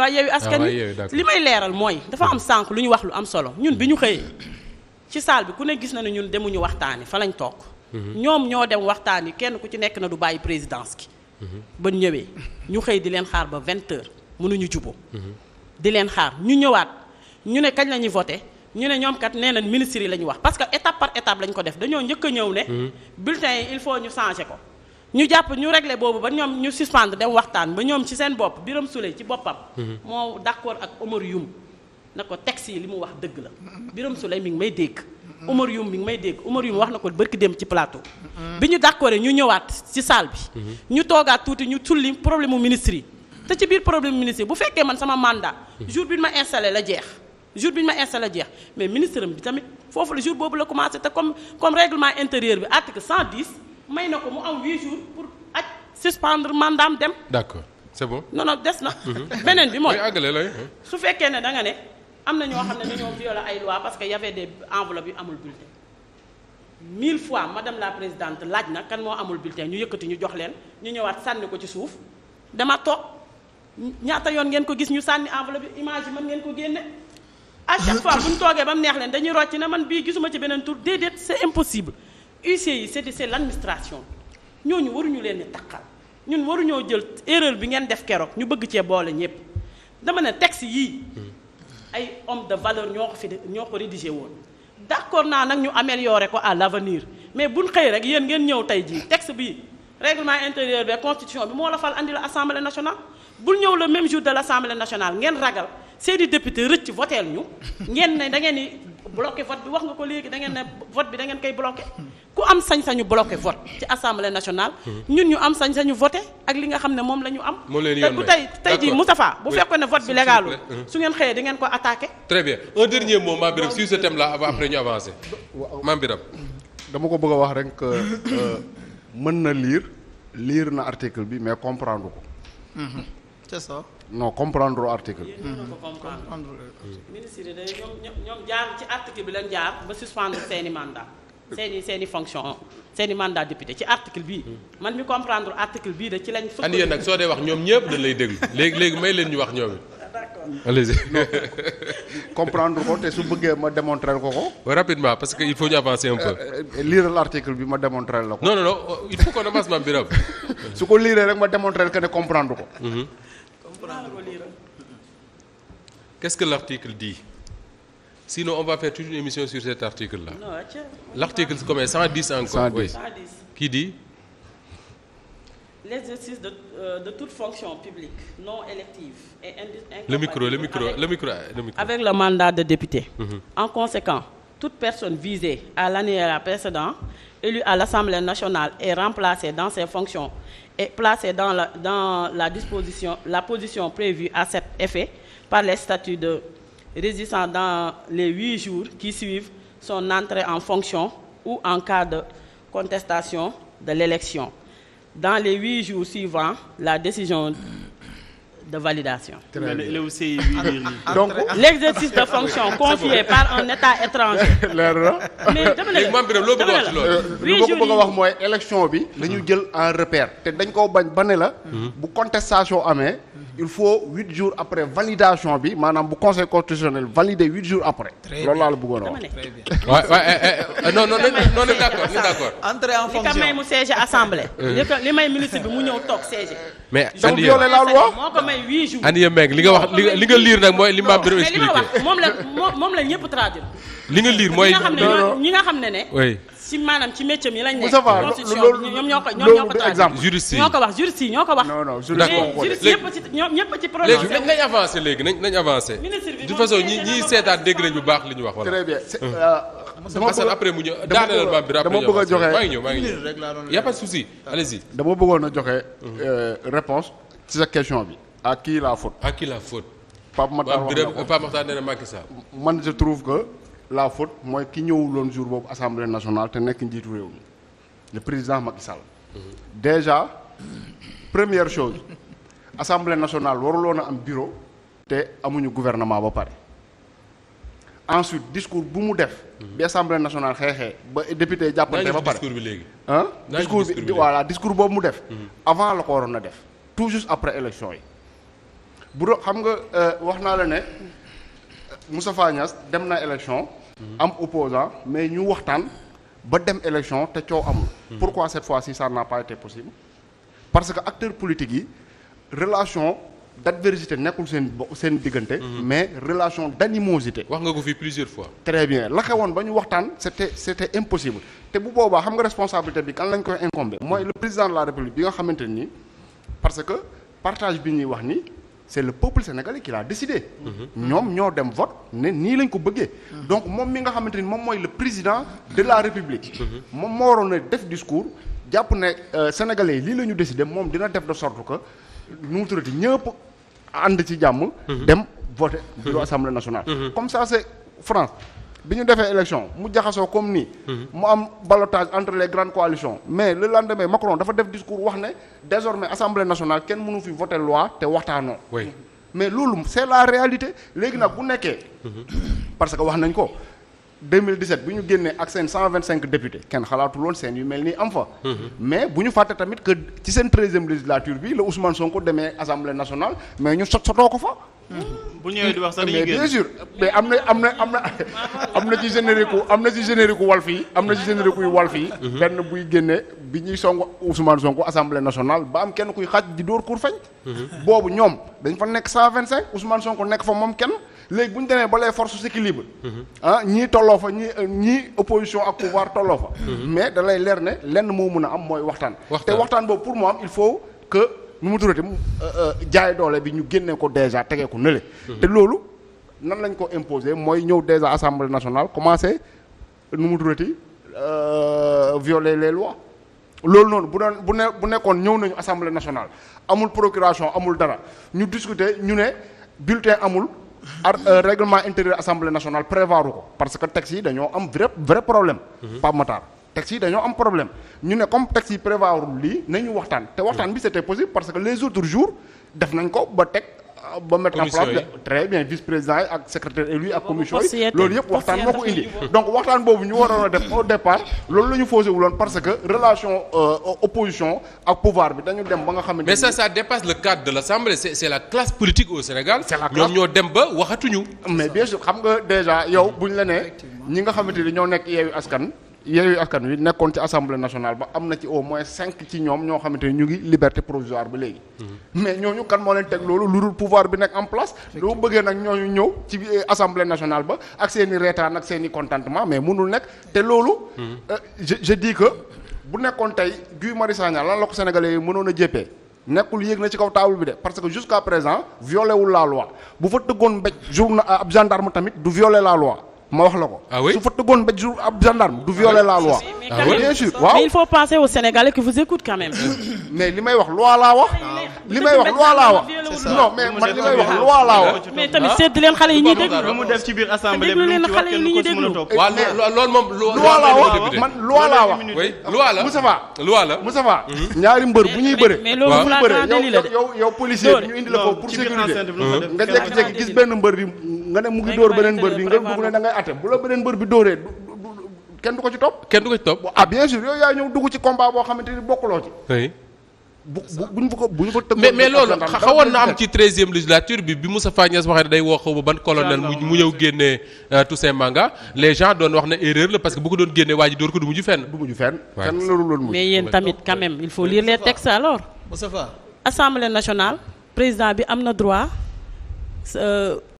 waa Yewwi Askan ah, Wi li may leeral mooy dafa am sànq lu ñu wax lu am solo ñun bi ñu xëyee ci saal bi ku ne gis na ne ñun demuñu waxtaani fa lañ toog mhm. ñoom ñoo dem yi kenn ku ci nekk na du bàyyi présidence ki mhm. ba ñëwee ñu xëy di leen xaar ba vingt heures mënuñu juboo mhm. di leen xaar ñu ñëwaat ñu ne kañ la ñuy voté ñu ne ñoom kat nee nañ ministre yi la wax parce que étape par étape lañ ko def dañoo njëkk a ñëw ne bulletin yi il faut ñu changé ko ñu jàpp ñu réglé boobu ba ñoom ñu suspendre dem waxtaan ba ñoom ci seen bopp Birame Souleye ci boppam. Mhm. moo d'accord ak Omar Youm na ko texte yi li mu wax dëgg la Birame Souleye mi ngi may dégg. Omar Youm mi ngi may dégg Omar Youm wax na ko barki dem ci plateau. Mhm. bi ñu d'accord ñu ñëwaat ci salle bi. Mhm. ñu toogaat tuuti ñu tulli problème mu ministre yi. te ci biir problème ministre yi bu fekkee man sama mandat. jour bi ñu ma installé la jeex. jour bi ñu ma installé jeex mais ministre bi tamit la jour boobu la commencé te comme comme règlement intérieur bi article 110. may na ko mu am huit jours pour aj suspendre mandaam dem. d'accord c'est bon. non des na. Mhm. beneen bi moom mooy su fekkee ne da nga ne am na ñoo xam ne dañoo violer ay loi parce que y avait des enveloppes yu amul bulletin. mille fois madame la président laaj na kan moo amul bulletin ñu yëkkati ñu jox leen ñu ñëwaat sànni ko ci suuf dama toog ñaata yoon ngeen ko gis ñu sànni enveloppe image yi mën ngeen ko génne. à chaque fois bu ñu toogee ba mu neex leen dañuy rocc na man bii gisuma ci beneen tour déedéet c'est impossible. UCI c'est de c'est l'administration ñooñu waruñu leen di ñun waruñoo jël erreur bi ngeen def keroog ñu bëgg cee boole ñëpp dama ne texte yii ay homme de valeur ñoo ko fi ñoo ko rédigé woon d'accord naa nag ñu améliorer ko à l'avenir mais buñ xëy rek yéen ngeen ñëw tey jii texte bii règlement intérieur bi constitution bi moo la fal andi la assemblée nationale bul ñëw le même jour de l'assemblée nationale ngeen ragal seeni député rëcc voteel ñu ngeen bloqué vote bi wax nga ko léegi dangeen ngeen ne vote bi da ngeen koy bloqué ku am sañ-sañu bloqué vote ci assemblée nationale mhm. ñun ñu am sañ-sañu voté ak li nga xam ne moom la ñu am te bu tey tey jii Moustapha bu fekkoon ne vote bi légalul mhm. su ngeen xëyee di ngeen ko attaqué très bien un dernier mot Mame Birame sur ce thème là après ñu avancer Mame Birame dama ko bëgg a wax rek euh, mën na liir liir na article bi mais comprendre ko mhm. c'est ça. non comprendre article. comprendre mm. ci article bi lañ jaar ba suspendre seen mandat seen i seen fonction seeni i mandat député ci article bi mm. man mi comprendre article bi da ci lañ. sukkandiku andi yéen nag soo dee wax ñoom ñëpp dañ lay déglu léegi léegi may leen ñu wax ñoom it. Ah, allez-y ko te su bëggee ma démontrer ko ko. rapidement parce que il faut ñu avancer un peu. Euh, euh, lire l'article bi ma démontrer la ko. non non non il faut qu'on avance maam Birame. su ko lire rek ma démontrer que comprendre ko. Mm-hmm. Qu'est-ce que l'article dit Sinon, on va faire toute une émission sur cet article-là. L'article, combien 110 encore 110. Oui. Qui dit L'exercice euh, de, toute fonction publique non élective est le micro, le micro, avec, le micro, le micro. mandat de député. Mhm. En conséquence, toute personne visée à l'annuaire précédent élue à l'Assemblée nationale est remplacée dans ses fonctions et placée dans la, dans la disposition la position prévue à cet effet par le statuts de résistant dans les huit jours qui suivent son entrée en fonction ou en cas de contestation de l'élection. Dans les huit jours suivants, la décision de validation. donc l'exercice de fonction confié par un État étranger. leer na mais la ko bëgg a wax mooy élection bi. la hmm. jël en repère. te dañ koo bañ ba ne la. Hmm. bu contestation amee. il faut huit jours après validation bi maanaam bu conseil constitutionnel validé huit jours après. loolu laa la bëggoon a wax. très eh, eh, eh, non non non d' accord li ka may mu siège assemblée. Euh. li may ministre bi mu ñëw toog siège. mais andi yow moo ko may huit jours. li nga wax li liir nag mooy li Mame Birame expliqué. mais li moom la moom la li nga liir mooy. ñi nga xam ne ne. oui si maanaam ci métier mi lañ nekk. constitution yi ñoo ko wax juriste yi ñoo ko wax. non non juriste léegi nañ avancé léegi nañ nañ avancé. ministre façon ñi ñi seetaat bu baax li ñu wax. très bien euh, dama bëgg mu ñëw daaneel a joxe maa ngi ñëw maa a pas de souci allez-y. dama bëggoon joxe euh, réponse ci sa question bi. à kii la faute. à qui la faute. Pape Makhtar wax na ko man je trouve que la faute mooy ki ñëwuloon jour boobu assemblée nationale te nekk njiitu réew mi le président Macky Sall. déjà première chose assemblée nationale waruloon a am bureau. te amuñu gouvernement ba pare. ensuite discours bu mu def. bi assemblée nationale xeexee ba député jàppante ba pare discours bi léegi. discours bi voilà discours boobu mu def. avant la ko waroon a def tout juste après élection yi. bu doon xam nga euh, wax naa la ne euh, Moustapha Niasse dem na élection mhm. am opposant mais ñu waxtaan ba dem élection te coow amul mhm. pourquoi cette fois-ci ça n'a pas été possible parce que acteurs politiques yi relation d'adversité nekkul seen seen diggante mhm. mais relation d'animosité wax nga ko fi plusieurs fois très bien la xewoon ba ñu waxtaan c'était c'était impossible te bu boobaa xam nga responsabilité bi kan lañ koy incombé mooy le président de la république bi nga xamante nii parce que partage bi ñuy wax ni c'est le peuple sénégalais qui l'a décidé. ñoom ñoo dem vote ne nii lañ ko bëggee. donc moom mi nga xamante ni moom mooy le président de la république. moom moo waroon a def discours jàpp ne euh, sénégalais yi lii la ñu décidé moom dina def de sorte que nu mu tuddati ñëpp ci jàmm. Mhm. dem voter bureau assemblée nationale. Mhm. comme ça c'est France. bi ñu defee élection mu jaxasoo comme nii. mu am ballottage entre les grandes coalitions. mais le lendemain Macron dafa def discours wax ne désormais assemblée nationale kenn mënu fi voter loi te waxtaanoo. mais loolu c'est la réalité léegi nag bu nekkee. parce que wax nañ ko 2017 bi ñu génnee ak seen cinq députés kenn xalaatul woon seen yu mel nii am fa. mais bu ñu fàtte tamit que ci seen 13e législature bi la Ousmane Sonko demee assemblée nationale mais ñu sotoo ko fa. bu ñëwee di wax sax dañuy génn bien sûr mais am na am na am na am na ci générique am na ci générique Walf yi am na ci générique yu Walf yi. Mhm. benn buy génne bi ñuy song Ousmane Sonko assemblée nationale ba am kenn kuy xaj di dóor kur feñ. Mhm. boobu ñoom dañ fa nekk san 125 Ousmane Sonko nekk fa moom kenn. léegi bu ñu demee ba les forces s'équilibrent mhm. ah ñii tolloo fa ñii ñii opposition ak pouvoir tolloo fa. mais da lay leer ne lenn moo mun a am mooy waxtaan. te waxtaan boobu pour moi il faut nu mu turati mu euh, euh, jaay doole bi ñu génnee ko déjà tegee ko nële. Mhm. te loolu nan lañ ko imposer mooy ñëw déjà assemblée nationale commencé nu mu turati euh, violer les lois. loolu noonu bu doon bu ne bu nekkoon ñëw nañu assemblée nationale amul procuration amul dara ñu discuter ñu ne bulletin amul. ar règlement intérieur assemblée nationale prévoiru ko parce que texte yi dañoo am vrai vrai problème. Mhm. Pape texte yi dañoo am problème ñu ne comme texte yi prévoirul lii nañu waxtaan te waxtaan bi c'était possible parce que les autres jours def nañ ko ba teg euh, ba mettre en place très bien vice président yi ak secrétaire élu ak commission yi loolu yëpp waxtaan moo ko indi donc waxtaan boobu ñu waroon a def au départ loolu la ñu faussé wuloon parce que relation euh, opposition ak pouvoir bi dañu dem ba nga xamante mais ça ça dépasse le cadre de l'Assemblée c'est c'est la classe politique au Sénégal dem ba waxatuñu mais bien sûr xam nga déjà yow buñ la nee ñi nga xamante ni ñoo nekk yeewu askan Yewwi Askan Wi nekkoon ci assemblée nationale ba am na ci au moins cinq ci ñoom ñoo xamante ni ñu ngi liberté provisoire ba léegi. Mhm. mais ñooñu kan moo leen teg loolu lu dul pouvoir bi nekk en place. doo bëggee nag ñooñu ñëw ci assemblée nationale ba ak seeni i reetaan ak seen contentement mais mënul nekk te loolu. Mhm. Euh, je je di que bu nekkoon tey Guy Marius Sagna lan la ko sénégalais mënoon a jëppee. nekkul yéeg na ci kaw table bi de parce que jusqu'à présent violé wul la loi bu fa tëggoon mbéj jour ab gendarme tamit du violer la loi. ma wax la ko. ah oui su fa tëggoon ba jour ab gendarme du violer la loi. ah oui bien sûr waaw mais il faut penser aux Sénégalais qui vous écoutent quand même. mais li may wax loi laa wa li may wax loi laa wa non mais man li may wax loi laa tamit seet leen xale yi ñuy déglu. lu mu def ci biir assemblée bi lu ci wax kenn ku ci mën eh, a laa wax man loi la Moustapha. Hmm. loolu mu la tànnali la de yow yow policier bi ñu indi la foofu pour sécurité. Hmm. nga jékki-jékki gis benn mbër bi nga ne mu ngi dóor beneen mbër bi nga bëgg ne da ngay atte bu la beneen mbër bi dóoree kenn du ko ci topp. kenn du ko ci topp ah bien sûr yooyu yaay ñëw dugg ci combat boo xamante ni bokkuloo ci. bu bu bu bu ñu ko tënkoon mais mais loolu xawoon na am ci treizième législature bi bi Moustapha Niasse waxee day woo xaw ma ban colonel mu ñëw génnee euh, tous ces mangas les gens doon wax na erreur la parce que bu ko doon génne waa ji dóor ko du mujj fenn. du mujj fenn mais yéen tamit quand même il faut lire les textes alors. Moustapha. assemblée nationale président bi am na droit. Euh,